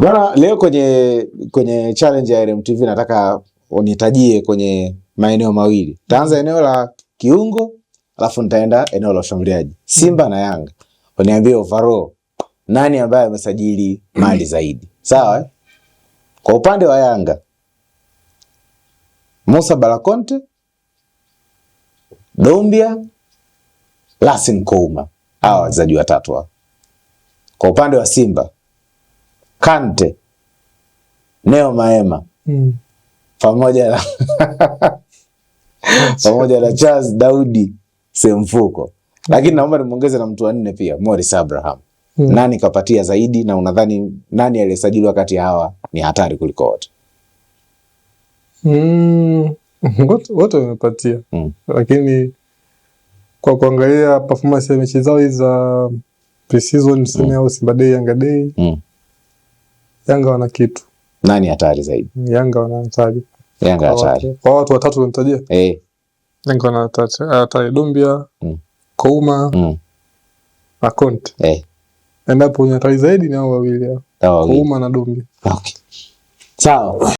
Bwana, leo kwenye kwenye challenge ya RMTV nataka unitajie kwenye maeneo mawili. Taanza eneo la kiungo, alafu nitaenda eneo la ushambuliaji. Simba na Yanga. Uniambie overall nani ambaye amesajili mali zaidi? Sawa? Eh? Kwa upande wa Yanga, Musa Balakonte, Dombia, Lasin Kouma. Hawa wachezaji watatu hao. Kwa upande wa Simba Kante, Neo Maema mm. pamoja na pamoja na Charles Daudi Semfuko mm. Lakini naomba nimuongeze na mtu wa nne pia, Morris Abraham mm. Nani kapatia zaidi, na unadhani nani aliyesajiliwa kati ya hawa ni hatari kuliko wote? Mm. wote wamepatia mm. Lakini kwa kuangalia performance ya mechi zao hizi za pre-season, niseme mm. au Simba Day, Yanga Day mm. Yanga wana kitu. Nani hatari zaidi? Yanga wana hatari. Yanga hatari. Kwa watu watatu unatajia? Eh. Yanga wana eh, hatari. Dumbia, mm. Kouma, mm. na Conte. Eh. Endapo wenye hatari zaidi ni hao wawili hao. Kouma na Dumbia. Okay. Sawa.